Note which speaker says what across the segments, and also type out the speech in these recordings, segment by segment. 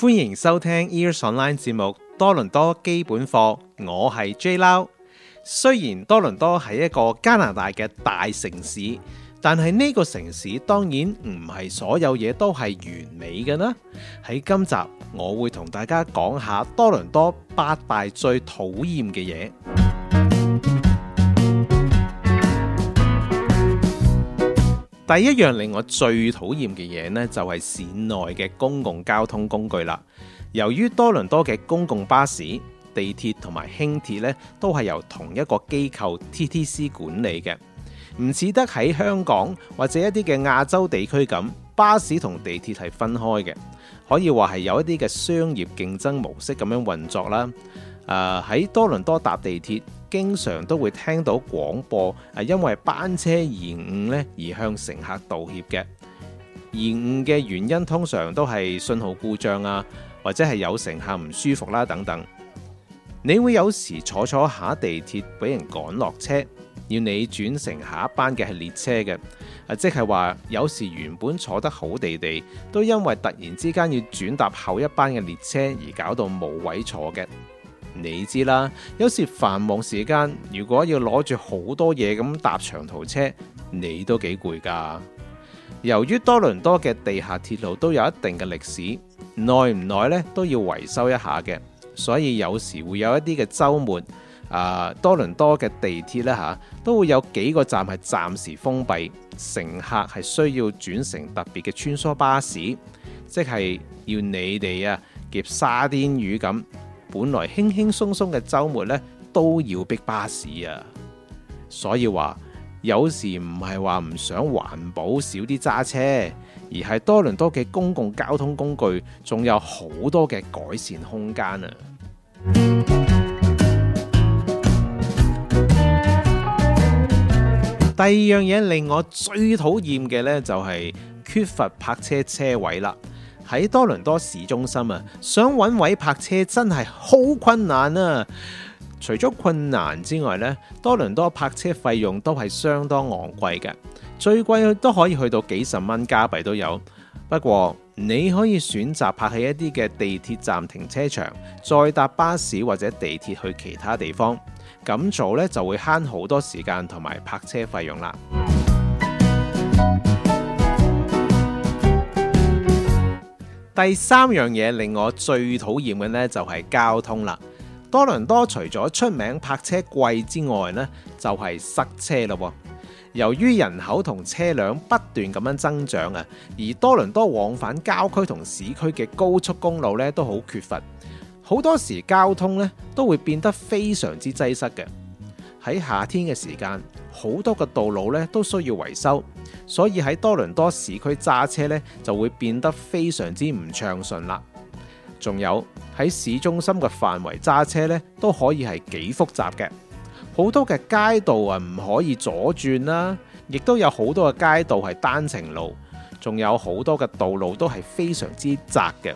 Speaker 1: 歡迎收聽 Ears Online 節目《多倫多基本課》，我係 J Lau。雖然多倫多係一個加拿大嘅大城市，但係呢個城市當然唔係所有嘢都係完美嘅啦。喺今集我會同大家講下多倫多八大最討厭嘅嘢。第一樣令我最討厭嘅嘢呢，就係市內嘅公共交通工具啦。由於多倫多嘅公共巴士、地鐵同埋輕鐵呢，都係由同一個機構 TTC 管理嘅，唔似得喺香港或者一啲嘅亞洲地區咁，巴士同地鐵係分開嘅，可以話係有一啲嘅商業競爭模式咁樣運作啦。誒，喺多倫多搭地鐵，經常都會聽到廣播，係因為班車延誤咧而向乘客道歉嘅。延誤嘅原因通常都係信號故障啊，或者係有乘客唔舒服啦、啊、等等。你會有時坐坐下地鐵俾人趕落車，要你轉乘下一班嘅係列車嘅，啊即係話有時原本坐得好地地，都因為突然之間要轉搭後一班嘅列車而搞到冇位坐嘅。你知啦，有時繁忙時間，如果要攞住好多嘢咁搭長途車，你都幾攰㗎。由於多倫多嘅地下鐵路都有一定嘅歷史，耐唔耐咧都要維修一下嘅，所以有時會有一啲嘅週末，啊，多倫多嘅地鐵呢，都會有幾個站係暫時封閉，乘客係需要轉乘特別嘅穿梭巴士，即係要你哋啊夾沙甸魚咁。本來輕輕鬆鬆嘅週末咧，都要逼巴士啊！所以話有時唔係話唔想環保少啲揸車，而係多倫多嘅公共交通工具仲有好多嘅改善空間啊！第二樣嘢令我最討厭嘅呢，就係缺乏泊車車位啦。喺多倫多市中心啊，想揾位泊車真係好困難啊！除咗困難之外呢，多倫多泊車費用都係相當昂貴嘅，最貴都可以去到幾十蚊加幣都有。不過你可以選擇泊喺一啲嘅地鐵站停車場，再搭巴士或者地鐵去其他地方，咁做呢，就會慳好多時間同埋泊車費用啦。第三樣嘢令我最討厭嘅呢，就係交通啦。多倫多除咗出名泊車貴之外呢，就係塞車咯。由於人口同車輛不斷咁樣增長啊，而多倫多往返郊區同市區嘅高速公路咧都好缺乏，好多時交通呢，都會變得非常之擠塞嘅。喺夏天嘅時間，好多嘅道路咧都需要維修，所以喺多倫多市區揸車咧就會變得非常之唔暢順啦。仲有喺市中心嘅範圍揸車咧都可以係幾複雜嘅。好多嘅街道啊唔可以左轉啦，亦都有好多嘅街道係單程路，仲有好多嘅道路都係非常之窄嘅。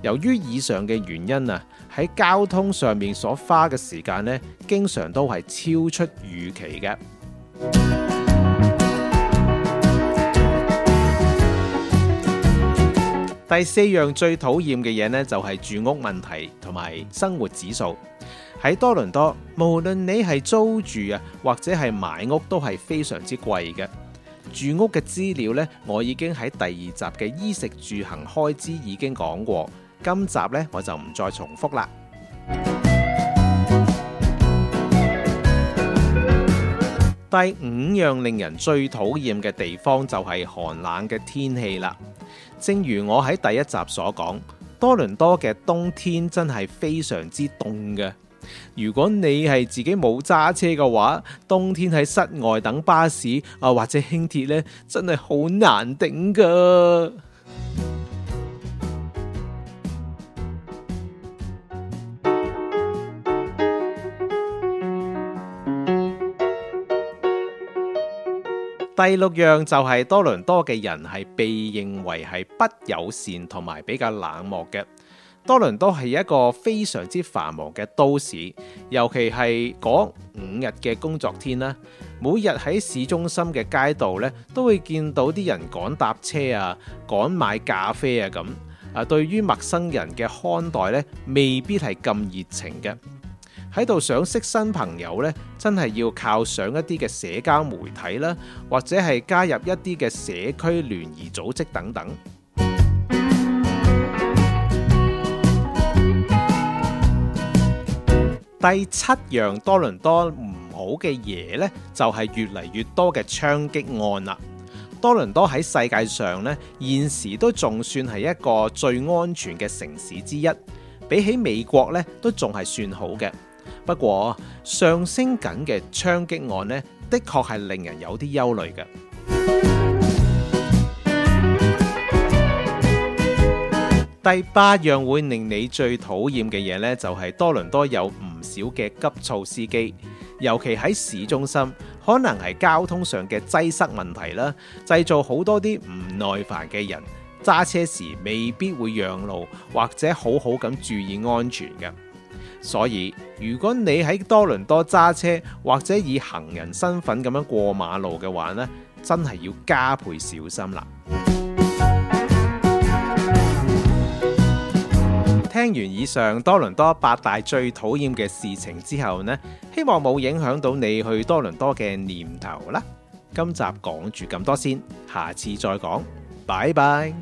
Speaker 1: 由於以上嘅原因啊，喺交通上面所花嘅時間咧，經常都係超出預期嘅。第四樣最討厭嘅嘢呢，就係住屋問題同埋生活指數。喺多倫多，無論你係租住啊，或者係買屋，都係非常之貴嘅。住屋嘅資料呢，我已經喺第二集嘅衣食住行開支已經講過，今集呢，我就唔再重複啦。第五樣令人最討厭嘅地方就係寒冷嘅天氣啦。正如我喺第一集所講，多倫多嘅冬天真係非常之凍㗎。如果你係自己冇揸車嘅話，冬天喺室外等巴士啊或者輕鐵呢，真係好難頂噶。第六樣就係多倫多嘅人係被認為係不友善同埋比較冷漠嘅。多倫多係一個非常之繁忙嘅都市，尤其係嗰五日嘅工作天啦，每日喺市中心嘅街道咧都會見到啲人趕搭車啊、趕買咖啡啊咁。啊，對於陌生人嘅看待咧，未必係咁熱情嘅。喺度想識新朋友呢，真係要靠上一啲嘅社交媒體啦，或者係加入一啲嘅社區聯誼組織等等。第七樣多倫多唔好嘅嘢呢，就係越嚟越多嘅槍擊案啦。多倫多喺世界上呢，現時都仲算係一個最安全嘅城市之一，比起美國呢，都仲係算好嘅。不過上升緊嘅槍擊案呢，的確係令人有啲憂慮嘅。第八樣會令你最討厭嘅嘢呢，就係多倫多有唔少嘅急躁司機，尤其喺市中心，可能係交通上嘅擠塞問題啦，製造好多啲唔耐煩嘅人，揸車時未必會讓路，或者好好咁注意安全嘅。所以，如果你喺多倫多揸車，或者以行人身份咁樣過馬路嘅話，呢真係要加倍小心啦。聽完以上多倫多八大最討厭嘅事情之後，呢希望冇影響到你去多倫多嘅念頭啦。今集講住咁多先，下次再講，拜拜。